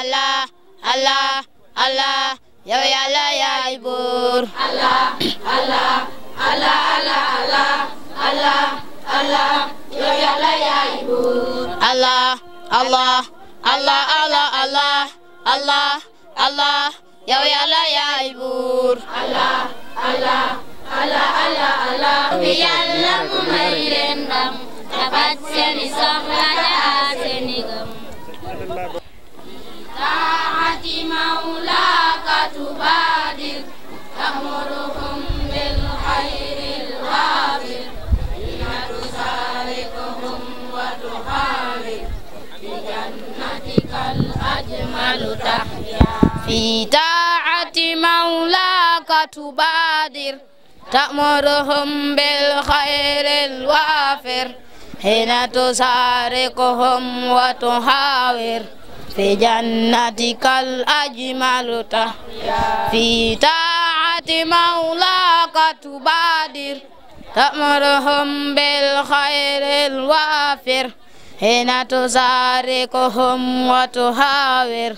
Allah, Allah, Allah, ya Allah ya ibur. Allah, Allah, Allah, Allah, Allah, Allah, Allah, ya Allah ya ibur. Allah, Allah, Allah, Allah, Allah, Allah, Allah, ya Allah ya ibur. Allah, Allah, Allah, Allah, Allah, ya Allah mumayren dam. Tabat seni sahrada seni gam. بطاعة مولاك تبادر تأمرهم بالخير الوافر بما تسالكهم في جنتك الأجمل تحيا في طاعة مولاك تبادر تأمرهم بالخير الوافر حين تسارقهم وتحاور في جنتك الأجمل في طاعة مولاك تبادر تأمرهم بالخير الوافر حين تزاركهم وتهاور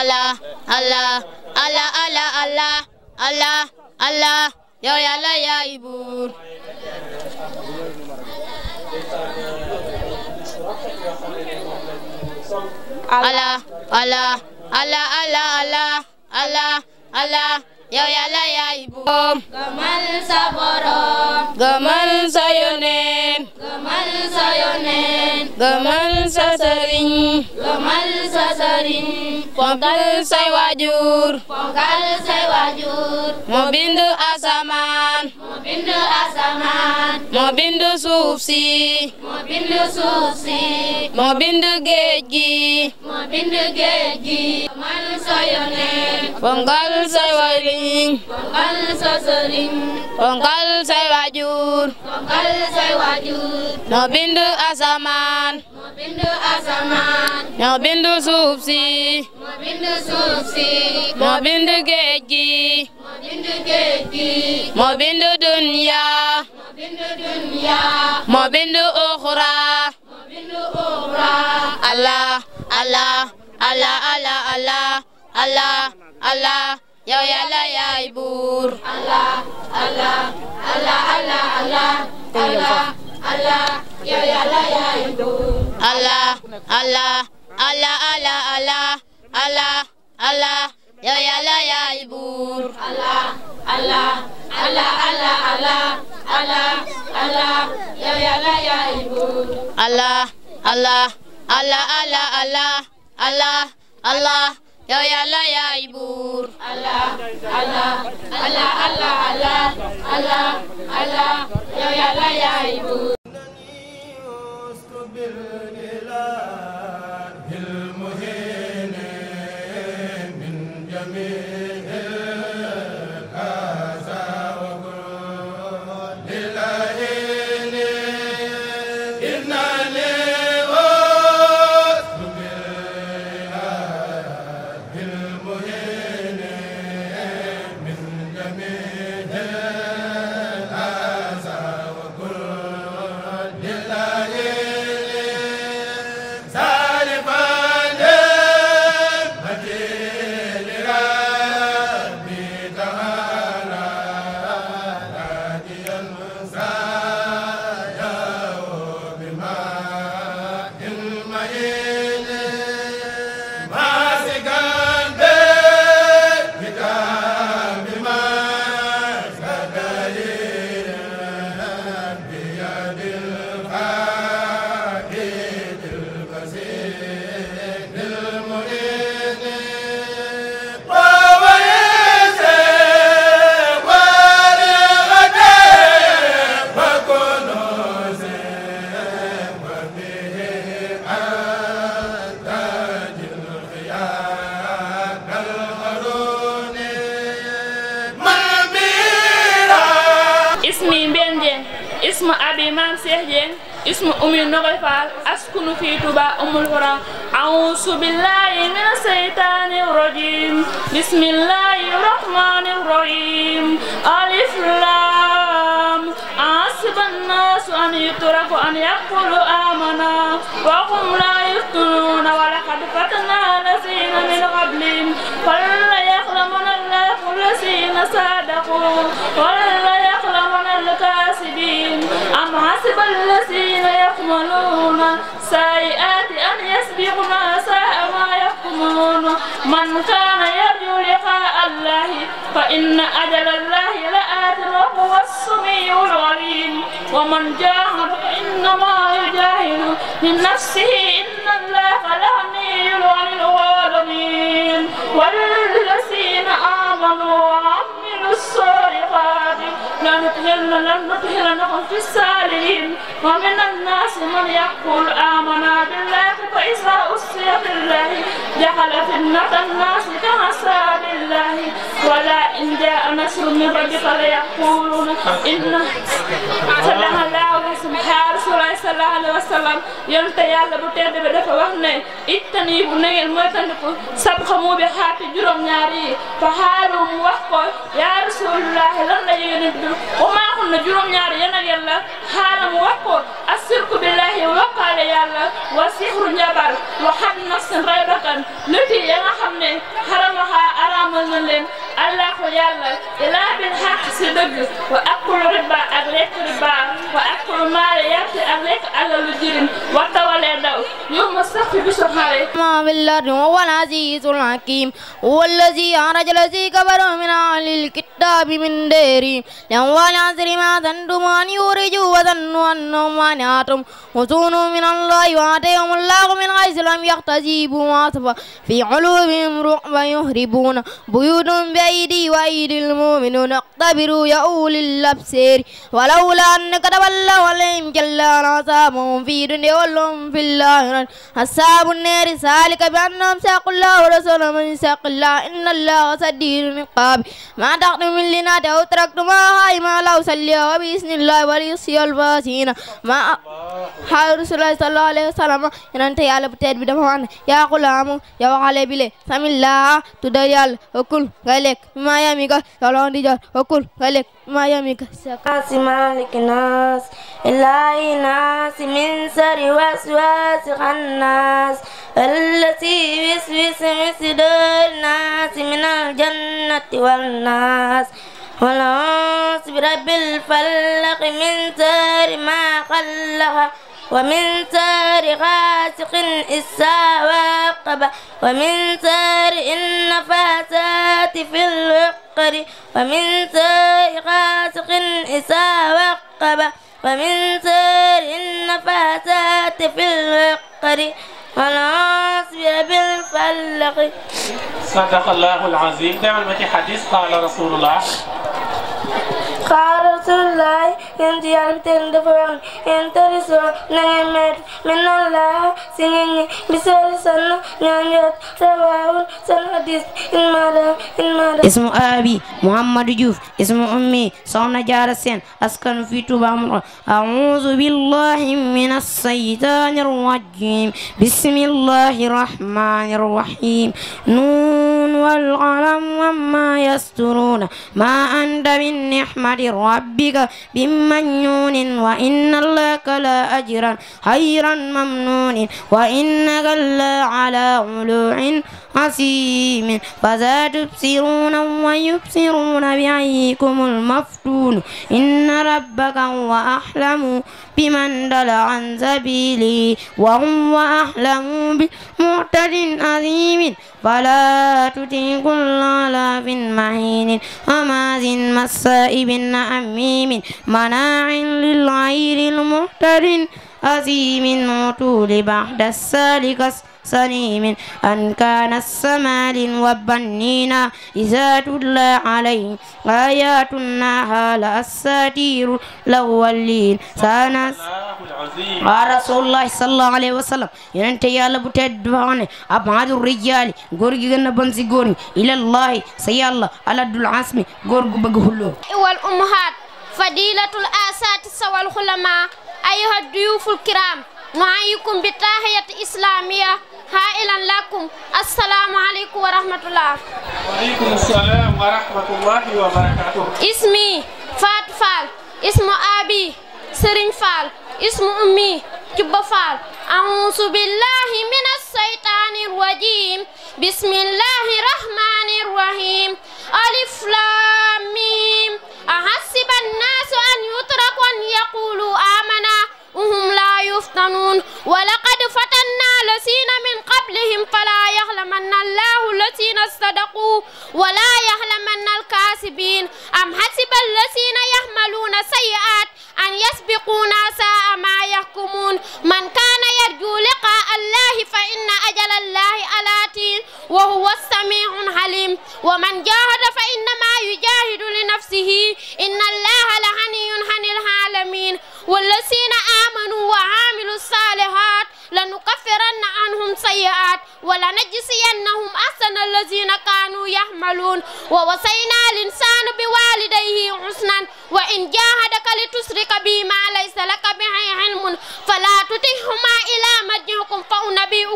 الله الله الله الله الله الله الله يا يا لا يا يبور Allah Allah Allah Allah Allah Allah Allah yow yàlla yaay buum gëmal sa borom gëmal sa yoneen gëmal sa fonkal say waajur fonkal say waajur fonkal say waliñ fonkal say waajur ñoo bind asamaan ñoo bind asamaan ñoo bind suuf si ñoo bind suuf si ñoo bind géej gi ñoo bind géej gi ñoo bind dunya uxra ñoo bind uxra Allah Allah Allah Allah Allah Allah Allah Allah Allah Allah Allah Allah Allah yow yàlla yaay buur. Allah Allah Allah Allah Allah Allah Allah yow yàlla yaay buur. Allah Allah Allah Allah Allah bir اسم أم النغل فعل أسكن في طوبى أم القرى أعوذ بالله من الشيطان الرجيم بسم الله الرحمن الرحيم ألف لام حسب الناس أن يتركوا أن يقولوا آمنا وهم لا يفتنون ولقد فتنا الذين من قبلهم ولا يعلمن الله الذين صدقوا ولا كاسبين أم حسب الذين يقملون سيئات أن يسبقنا ساء ما يحكمون من كان يرجو لقاء الله فإن أجل الله لآت وهو السميع العليم ومن جاهد فإنما يجاهد من نفسه إن الله لغني عن العالمين والذين آمنوا جل لن نطهرنهم في السالين ومن الناس من يقول آمنا بالله فإذا أسر بالله جعل فتنة الناس كمسائل إن جاء نصر من ربك ليقولون إن صدق الله سبحانه رسول صلى الله عليه وسلم yonent yàlla bu tedd bi wax ne ittani bu na moytandiku sab xamu bi xaati juróom yi fa xaaru mu wax ko yaa rasulullahi lan la yonent bi wa maa xam ne juróom-ñaar yéen ak mu wax ko asirku billahi wakkaale yàlla wa sixru njabar wa xat nafsin ray bakkan lutti ya nga xam ne xaramaxaa araamal na leen allah ko yàlla e laaɓel haq si dëgg wa akkulu riba ak lekk riba wa akkulu maale yarte ak lekk allah lu jirim wattawale daw yowma safi biso hare ma billardi huwa العزيز الحكيم هو الذي أخرج الذي كفروا من أهل الكتاب من ديرهم لأول عصر ما ظنتم أن يخرجوا وظنوا أنهم مانعتهم وزونوا من الله وآتيهم الله من حيث لم يحتسبوا وأصبح في قلوبهم رعبا يهربون بيوتهم الأيدي وأيدي المؤمنون اقتبروا يا أولي الأبصير ولولا أن كتب الله عليهم كلا عذابهم في الدنيا ولهم في الآخرة أصحاب النار ذلك بأنهم ساقوا الله ورسوله من ساق الله إن الله سدير النقاب ما تقدم من لنا أو تركت ما هاي ما لو سلي وبإذن الله وليصي الفاسين ما حال رسول الله صلى الله عليه وسلم إن أنت يا لبتاد بدمان يا غلام يا وعلي بلي سم الله تدريال وكل غيلك lekk ma yami ga sa oh, loxo ndijoor hokkul nga lekk ma yami ga si maliki naas ilaahi naas min sari waswaasi xannaas allati wiswis min suduuri naas min aljannati walnaas wal-'uus bi rabbil falaq min sari ma xalaqa ومن سار غاسق إسا وقب ومن سار النفاسات في الوقر ومن سار غاسق إسا وقب ومن سار النفاسات في الوقر والعاصب بالفلق صدق الله العظيم دعوا نعم، المتي حديث قال رسول الله xaaral rasulullahi yéen ci yàlla bi teel dafa wax ne yéen tërison na ngeen met min na laa si ngeen ñi bisari sann ñaan yot rawaawul san hadis in maada in maada ismu abi Muhammadu Diouf ismu ummi soxna jaara seen askan fii Tuuba amul a'uuzu billahi mina saytaani rajiim bismillahi rahmaani rahiim nuun والنون والقلم وما يسترون ما أنت من نحمة ربك بمجنون وإن لك أجرا خيرا ممنون وإنك على علوع حسيم فذا تبصرون ويبصرون بعيكم المفتون إن ربك هو أحلم بمن دل عن سبيله وهو أحلم بمعتد عظيم فلا تطع كل علاف مهين هماز مسائب أميم مناع للغير المعتد عظيم عتول بعد السالكس أحسن من أن كان السمال وبنينا إذا تتلى عليه آياتنا النهى لأساتير الأولين سانا رسول الله صلى الله عليه وسلم ينتهي بتدبان أبعاد الرجال غورجنا بنزيغوني إلى الله سي الله على العاصمي غورج بغهلو والأمهات فضيلة سوى الخلماء أيها الضيوف الكرام نعيكم بتحية إسلامية hailan lakum assalamu alaikum warahmatullah warahmatullahi wabarakatuh ismi fat fal ismu abi serigne fal ismu ummi cubba fal a'udhu billahi minas shaitanir rajim bismillahirrahmanirrahim alif lam mim ahasiban an-nasu an yutraku an yaqulu amana وهم لا يفتنون ولقد فتنا لسين عليهم فلا يهلمن الله الذين صدقوا ولا يهلمن الكاسبين أم حسب الذين يحملون سيئات أن يسبقونا ساء ما يحكمون من كان يرجو لقاء الله فإن أجل الله ألاتي وهو السميع العليم ومن جاهد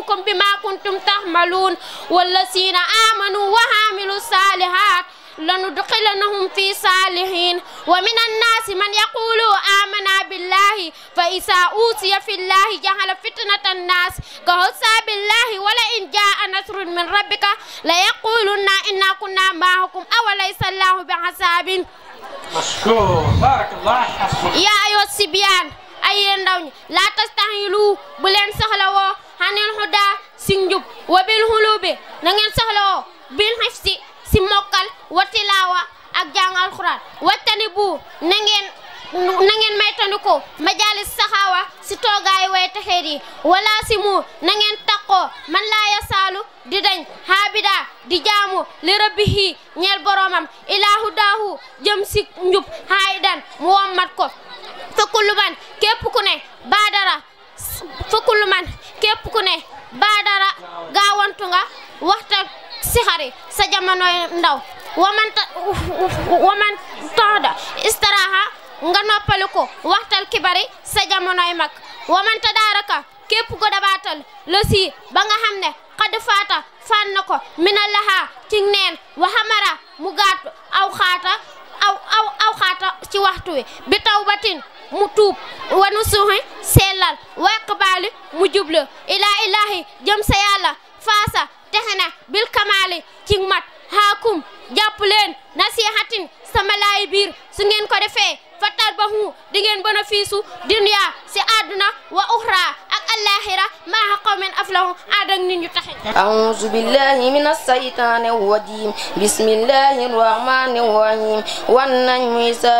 وينبئكم بما كنتم تعملون والذين آمنوا وعملوا الصالحات لندخلنهم في صالحين ومن الناس من يقول آمنا بالله فإذا أوتي في الله جعل فتنة الناس كهوسا بالله ولئن جاء نصر من ربك ليقولن إنا كنا معكم أوليس الله بعذاب مشكور بارك الله يا أيها الصبيان أي لا ñi la سهلوا hanil huda singjub wabil wa bil xulubi na ngeen bil hafsi si mokal wa tilaawa ak jang alquran wattani bu na ngeen na ngeen majalis sahawa si togay way taxeri wala si mu na ngeen taqoo man laa yasaalu di dañ habida di jamu li rabbihi ñel boromam ilahu dahu jëm si njub haydan mu ko fakuluman kep ku ne badara fakuluman képp ku ne baadara gaawantu nga waxta sixari sa jamonoy ndaw waman ta waman toxda istaraha nga noppali ko waxtal kibari sa jamonoy mag waman ta daaraka képp ko dabaatal la sii ba nga xam ne xad faata faan na ko mina lahaa ci neen wa mu gaatu aw xaata aw aw xaata ci waxtu wi bi taw batin mu tuub wa nusuhi sellal wa iqbaali mu jubla ilaa ilaahi jëm sa yàlla faasa texe na bil kamaali ci mat haakum jàpp leen nasihatin sama laay biir su ngeen ko defee fatal ba hu di ngeen bénéfice u dunya si àdduna wa uxra ak allah ساحرة مع قوم أفلحوا أعدن يتحن أعوذ بالله من الشيطان الرجيم بسم الله الرحمن الرحيم والنجم إذا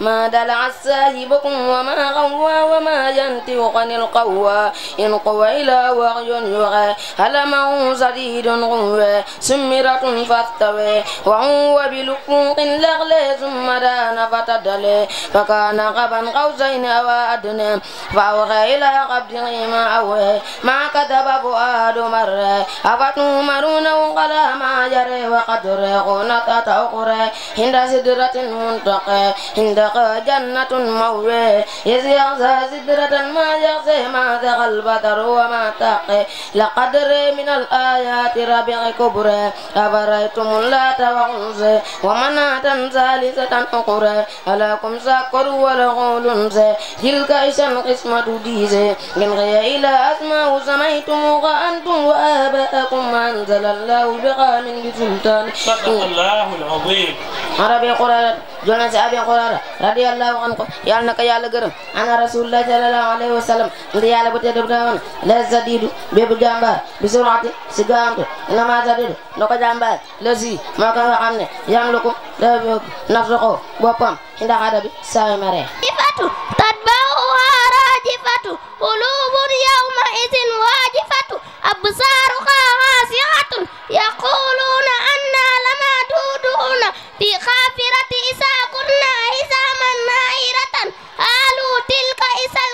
ما دلع صاحبكم وما غوى وما ينطق عن القوى إن قوى إلى وغي يغى هلمه زديد غوى سمرة فاستوي وعوى بلقوق لغلي ثم دان فتدلي فكان غبا قوسين وأدنى فأوغى إلى قبضه ما أوهي ما كذب فؤاد مرة أفتمرونه على ما جرى وقدر غنطة أخرى عند سدرة منتقى عندك جنة موي إذ يغزى سدرة ما يغزى ما ذغى البدر وما تقي لقدر من الآيات ربع كبرى أفرأيتم اللات وعنزى ومناة ثالثة أخرى ألكم سكر ولغول تلك إشا قسمة ديزى من غير إلى أسماء سميتموها أنتم وآباءكم ما أنزل الله بها من سلطان صدق الله العظيم ربي قرار جونس أبي قرار رضي الله عنه يا لك يا لغرم أنا رسول الله صلى الله عليه وسلم يا لبتي دبنا لا زديد بيب جامبار بسرعة سجامت لما زديد لك جامبا لزي ما كان عنه يملك نفسه بوبام عند هذا سامي مريه إفاتو تدبر قلوب يومئذ واجفة أبصارها خاشعة يقولون أنا لما تودون في خافرة إذا كنا عظاما نخرة قالوا تلك إذا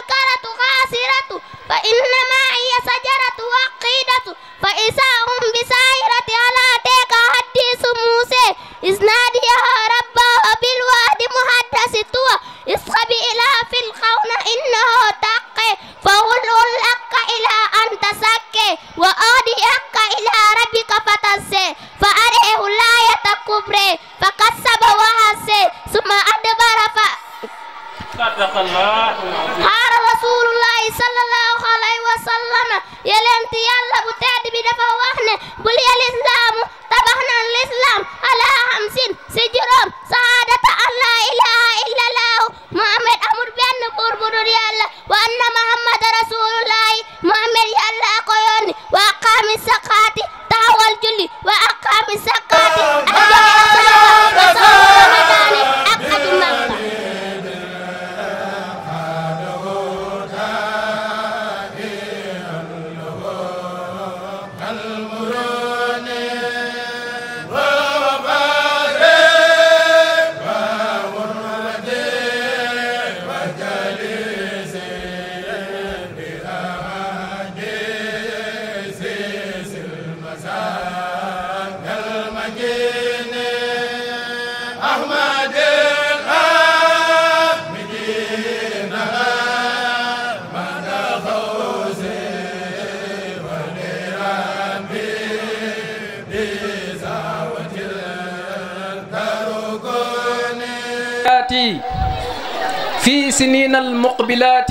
السنين المقبلات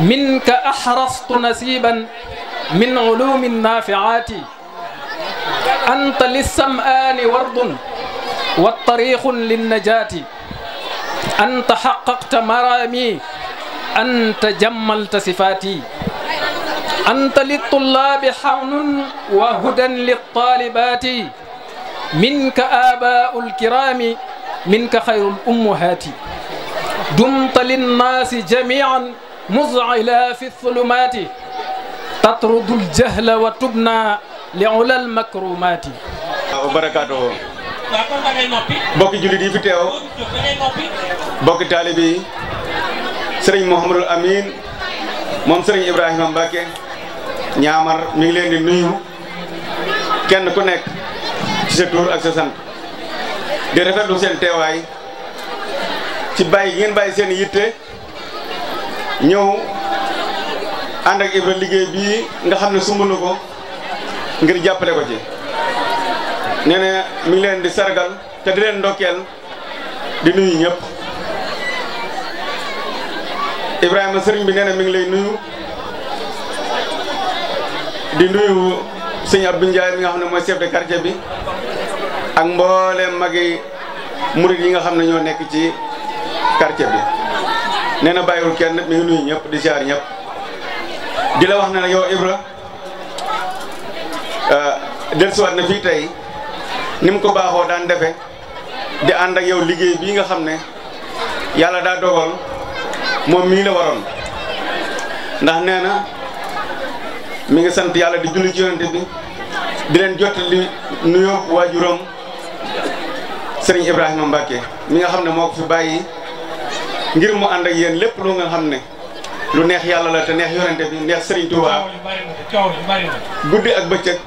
منك أحرصت نسيبا من علوم النافعات أنت للسمآن ورد والطريق للنجاة أنت حققت مرامي أنت جملت صفاتي أنت للطلاب حون وهدى للطالبات منك آباء الكرام منك خير الأمهات دمت للناس جميعا مذعلا في الظلمات تطرد الجهل وتبنى لعلى المكرمات وبركاته بوكي جولي دي فيتيو بوكي طالبي سيرن محمد الامين موم سيرن ابراهيم امباكي نيامر مي لين دي نويو كين كو نيك سي تور اك سي سانت دي رافتلو سين تي واي ci bàyyi ngeen bàyyi seen yitte ñëw ànd Ibra liggéey bii nga xam ne sumb na ko ngir jàppale ko ci nee mi ngi leen di sargal te di leen ndokkeel di nuyu ñëpp Ibrahima sëriñ bi nee mi ngi lay nuyu di nuyu sëñ Abdou Ndiaye mi nga xam ne mooy chef de quartier bi ak mbooleem magi murid yi nga xam ne ñoo nekk ci quartier bi nee na bàyyiwul kenn mi ngi nuyu ñëpp di ziar ñëpp di la wax ne yow Ibra euh, dellusiwaat na fii tey ni mu ko baaxoo daan defe di ànd ak yow liggéey bii nga xam ne yàlla daa dogal moom mii la waroon ndax nee na mi ngi sant yàlla di julli ci yonent bi di leen jottali nuyoo waajuram Serigne Ibrahima Mbacke mi nga xam ne moo ko fi bàyyi. ngir mu and ak yeen lepp lu nga xamne lu neex yalla la te neex yoonte bi neex Serigne Touba guddi ak bëccëg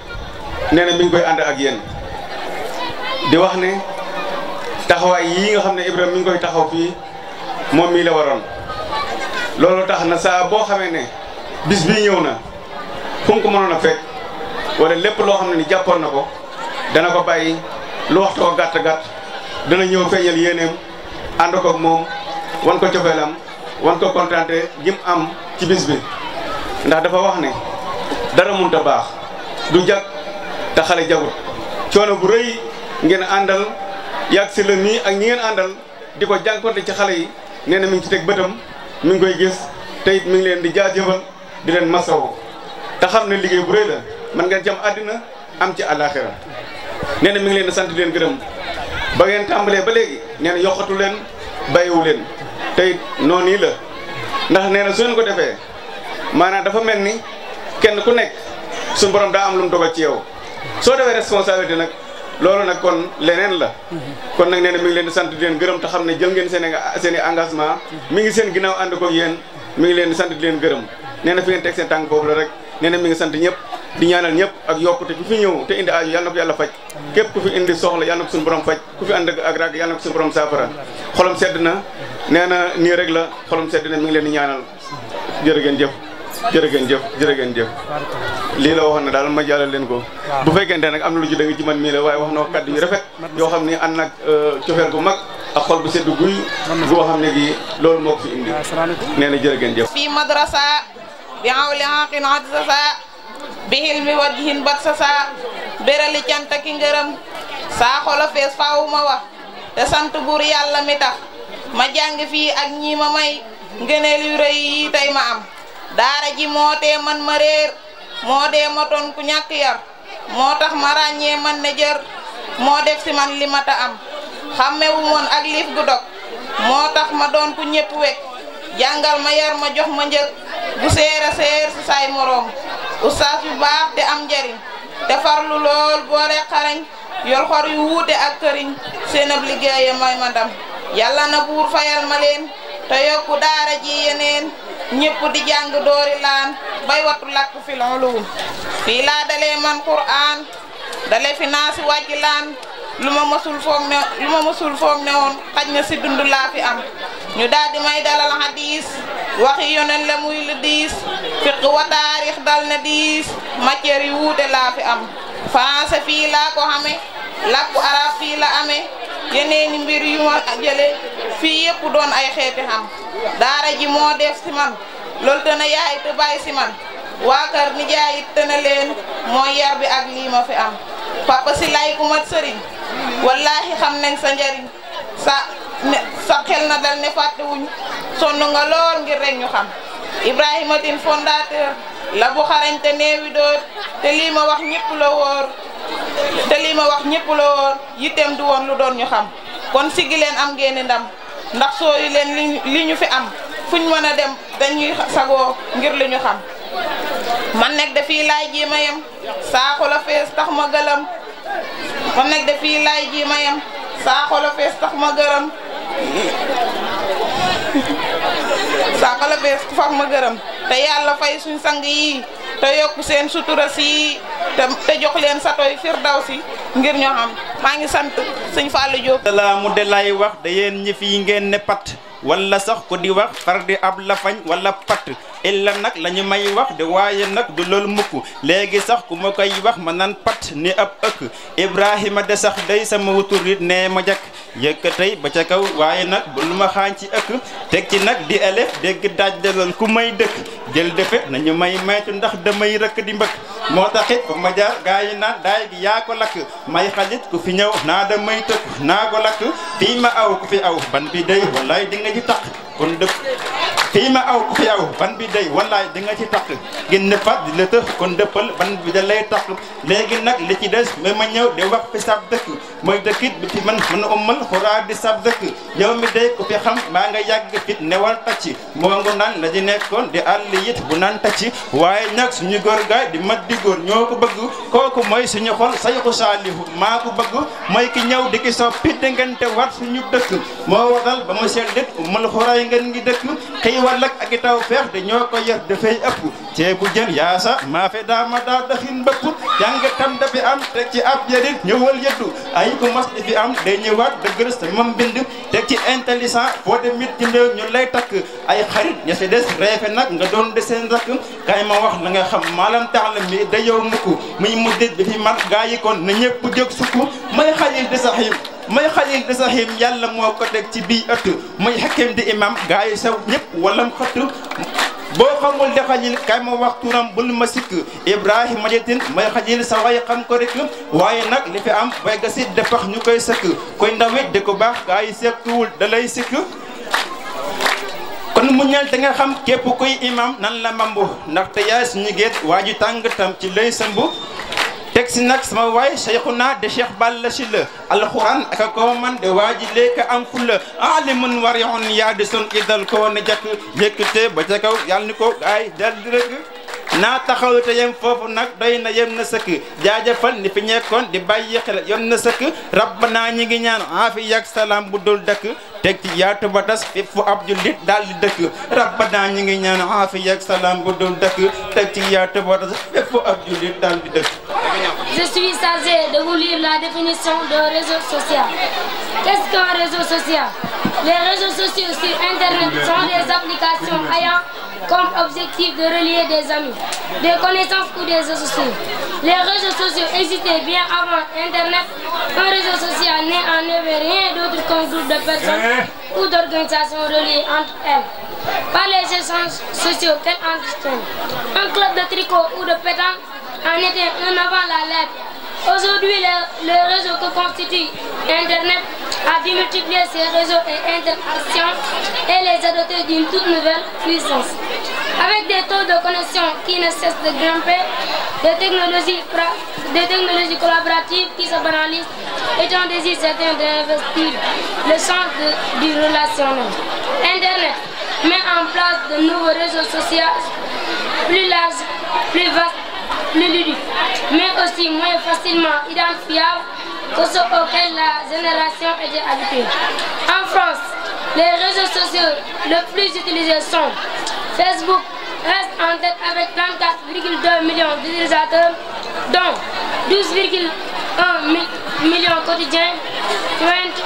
nee na mi koy and ak yeen di wax ne taxaway yi nga xamne ibrahim mi ngi koy taxaw fi mom mi la waron loolu tax na sa bo xamee bis bi ñëw na fu ko mënon na fek wala lepp lo ni jappon nako dana ko bayyi lu gatt dana ñëw feñal yeneem ko wan ko cofeelam wan ko kontaante jim am ci bis bi ndax dafa wax ne dara munta baax du jag te xale jagut coono bu rëy ngeen àndal yàgg si la mii ak ñi ngeen àndal di ko jànkonte ci xale yi nee na mi ngi ci teg bëtam mi ngi koy gis tey it mi ngi leen di jaajëfal di leen masawo te xam ne liggéey bu rëy la man ngeen ci àddina am ci àllaaxira nee na mi ngi leen di sant di leen gërëm ba ngeen tàmbalee ba léegi nee na yokkatu leen bayiwu leen tey noonu yi la ndax nee na su ngeen ko defee maanaam dafa mel ni kenn ku nekk suñu borom daa am lu mu dogal ci yow soo defee responsabilité nag loolu nag kon leneen la kon nag nee na mi ngi leen sant di leen gërëm te xam ne jël ngeen seen seen i engagement mi ngi seen ginnaaw ànd ko yéen mi ngi leen di sant di leen gërëm nee na fi ngeen teg seen tànk foofu la rek nee na mi ngi sant ñëpp di ñaanal ñëpp ak yokkute ku fi ñëw te indi aaju yàlla na ko yàlla faj képp ku fi indi soxla yàlla na ko suñu borom faj ku fi ànd ak rag yàlla na ko suñu borom saafara xolam sedd na nee na nii rek la xolam sedd na mi ngi leen di ñaanal jërë ngeen jëf jërë ngeen jëf jërë ngeen jëf lii la waxoon ne daal ma jàllale leen ko bu fekkente nag am na lu ci da nga ci man mii la waaye wax na ko kaddu yu rafet yoo xam ni ànd nag euh, cofeel gu mag ak xol bu sedd guy goo xam ne gi loolu moo fi indi nee na jërë ngeen bihil mi wa wajhin bat sa saa bérali cant ki ngërëm saa xolo fees ma wax te sant buur yàlla mi tax ma jàng fii ak ñii ma may ngëneel yu rëy yi tey ma am daara ji moo tee man ma réer moo dee ma doon ku ñàkk yar moo tax ma ràññee man ne jër moo def si man li ma am xàmmewu ak liif gu dog moo tax ma doon ku ñépp wekk jàngal ma yar ma jox ma njëg bu seer seer si moroom ustaas yu baax te am njariñ te farlu lool boole xarañ yor xor yu wuute ak këriñ seen liggéeye mooy ma ndam yàlla na buur fayal ma leen te yokku daara ji yeneen ñépp di jàng doori laan bay wattu lakk fi ulum fii laa dalee man quraan dale fi naa si wàjj laan lu ma mësul foog ne ma mësul foog ne woon xaj na si dund laa fi am ñu daal di may dalal xadiis waxi yonen la muy lu diis fiq wa dal na diis matière yu wuute laa fi am français fii laa ko xame làkku arab fii la ame yeneeni mbir yu ma jële fii yépp doon ay xeeti xam daara ji moo def si man loolu te na yaay te waa kër nijaay it tëna leen mooy yar bi ak lii ma fi am papa si lay ku mat sëriñ wallaahi xam nañ sa njariñ sa ne sa xel na dal ne fàttewuñu sonn nga lool ngir rek ñu xam Ibrahima Tine fondateur la bu xarañ te néewi doot te lii ma wax ñëpp la wóor te lii ma wax ñëpp la wóor yitteem du woon lu doon ñu xam kon siggi leen am ngeen ndam ndax sooyu leen li ñu fi am fuñ mën a dem dañuy sagoo ngir li ñu xam man nekk de fii laay ji ma yem saaxo tax ma gëlëm man nekk de fii laay ji ma yem saaxo la tax ma gërëm Saxal Bees ku fax ma gërëm te yàlla fay suñ sang yi te yokk seen sutura si te jox leen satoy si ngir ñoo xam maa ngi sant sëñ Fallou Diop. salaamu de lay wax da yéen ñi fii ngeen ne pat wala sax ko di wax far di ab lafañ wala pat. illa nag la ñu may wax de waaye nag du loolu mukk léegi sax ku ma koy wax ma nan pat ni ab ëkk ibrahima de sax day sama wuturit nee ma jakk yëkkatay ba ca kaw waaye nag bu lu ma xaañ ci ëkk teg ci nag di elef dégg daaj dalal ku may dëkk jël defe nañu may maytu ndax damay rëkk di mbëkk moo taxit ba ma jaar gaa yi naan daay gi yaa ko lakk may xalit ku fi ñëw naa damay tëkk naa ko lakk fii ma aw ku fi aw ban bi day wallaay di nga ji taq kon dëkk xiima aw ku fi aw ban bi day wallaay di nga ci takk gin ne fat di la tëx kon dëppal ban bi da lay takk léegi nag li ci des mais ma ñëw di wax fi sab dëkk mooy dëkkit bi ci man mën a ummal xuraa di sab dëkk yow mi day ku fi xam maa nga yàgg fit newal tacci moo ngu naan la di nekkoon di àll yit bu naan tacci waaye nag suñu góor gaay di mat di góor ñoo ko bëgg kooku mooy suñu xol sayxu saalihu maa ko bëgg mooy ki ñëw di ki soppi dingante war suñu dëkk moo waral ba ma ngeen ngi dëkk xiiwal ak i taw feex dañoo ko yer dafay ëpp ceebu jën yaasa maafe daama daa daxin bëpp jàng tam dafi am teg ci ab jërit ñëwal yëddu ay ku mas di fi am day ñëwaat dëgër sama mbind teg ci intelligent foo dem it jëm ñu lay takk ay xarit ña si des reefe nag nga doon de seen rakk kay ma wax la nga xam maalam tax la mi da yow mukk muy mu déj bi fi mar gaa yi kon na ñëpp jóg sukk may xayil di sax mooy xalil di saxiim yàlla moo ko teg ci bii ëtt muy xakim di imam gaa yi saw ñëpp walam xëtt boo xamul de xalil kay ma wax turam bul ma sikk ibrahima jetin mooy xalil sa way xam ko rek waaye nag li fi am bay gasit de pax ñu koy sëkk koy ndawit di ko baax gaa yi sekkuwul da lay sikk kon mu ñal te nga xam képp kuy imam nan la mambu ndaxte yaay suñu géet waa ji tàng tam ci lay sëmb teg si nag sama waay naa de Cheikh Balla si la alxuraan ak koo man de waa ji léegi am fulla alimun war yoon yaa di sun idal koo ne jakk ba ca kaw yàlla ni ko ay dal di naa taxaw te yem foofu nag doy na yem na sëkk jaajëfal ni fi ñekkoon di bàyyi xel yem na sëkk naa ñi ngi ñaan aafi yak salaam bu dul dëkk teg ci yaatu ba tas fépp fu ab jullit daal di dëkk rabbana ñi ngi ñaan aafi yak salaam bu dul dëkk teg ci yaatu ba Je suis chargé de vous lire la définition de réseau social. Qu'est-ce qu'un réseau social Les réseaux sociaux sur Internet sont des applications ayant comme objectif de relier des amis, des connaissances ou des associés. Les réseaux sociaux existaient bien avant Internet. Un réseau social n'est en effet rien d'autre qu'un groupe de personnes eh? ou d'organisations reliées entre elles par les échanges sociaux qu'elles entretiennent. Un club de tricot ou de pétanque en était un avant la lettre. Aujourd'hui, le, réseau que constitue Internet a démultiplié ses réseaux et interactions et les a dotés d'une toute nouvelle puissance. Avec des taux de connexion qui ne cessent de grimper, des technologies, des technologies collaboratives qui se banalisent et ont désir certain d'investir le sens du relationnel. Internet met en place de nouveaux réseaux sociaux plus larges, plus vastes plus ludique, mais aussi moins facilement identifiable que ceux auxquels la génération était habituée. En France, les réseaux sociaux le plus utilisés sont Facebook reste en tête avec 24,2 millions d'utilisateurs, dont 12,1 millions quotidiens. Twitter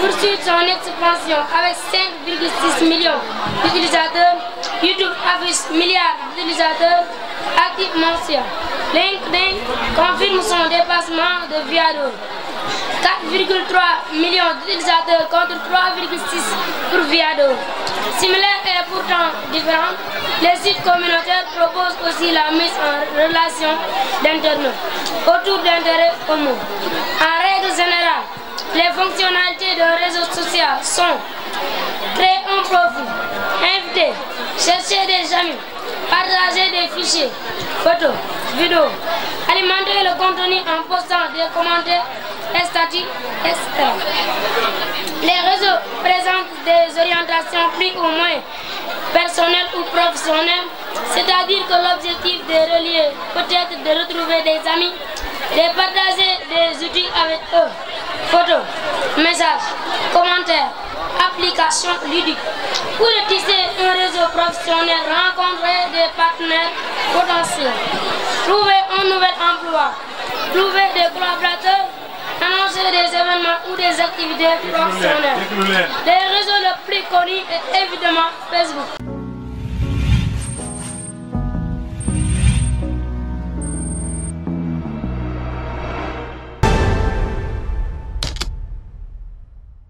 poursuit son expansion avec 5,6 millions d'utilisateurs. YouTube affiche milliards d'utilisateurs activement sur. LinkedIn confirme son dépassement de Viado. 4,3 millions d'utilisateurs contre 3,6 pour Viado. Similaire et pourtant différent, les sites communautaires proposent aussi la mise en relation d'internautes autour d'intérêts communs. En règle générale, les fonctionnalités de réseau social sont créer un profil, inviter, chercher des amis, partager des fichiers, photos, vidéos, alimenter le contenu en postant des commentaires des statuts, etc. Les réseaux présentent des orientations plus ou moins personnelles ou professionnelles, c'est-à-dire que l'objectif de relier peut être de retrouver des amis, de partager des outils avec eux, photos, messages, commentaires, applications ludique. Pour tisser un réseau professionnel, rencontrer des partenaires potentiels, trouver un nouvel emploi, trouver des collaborateurs, annoncer des événements ou des activités professionnelles. Les réseaux le plus connus, est évidemment Facebook.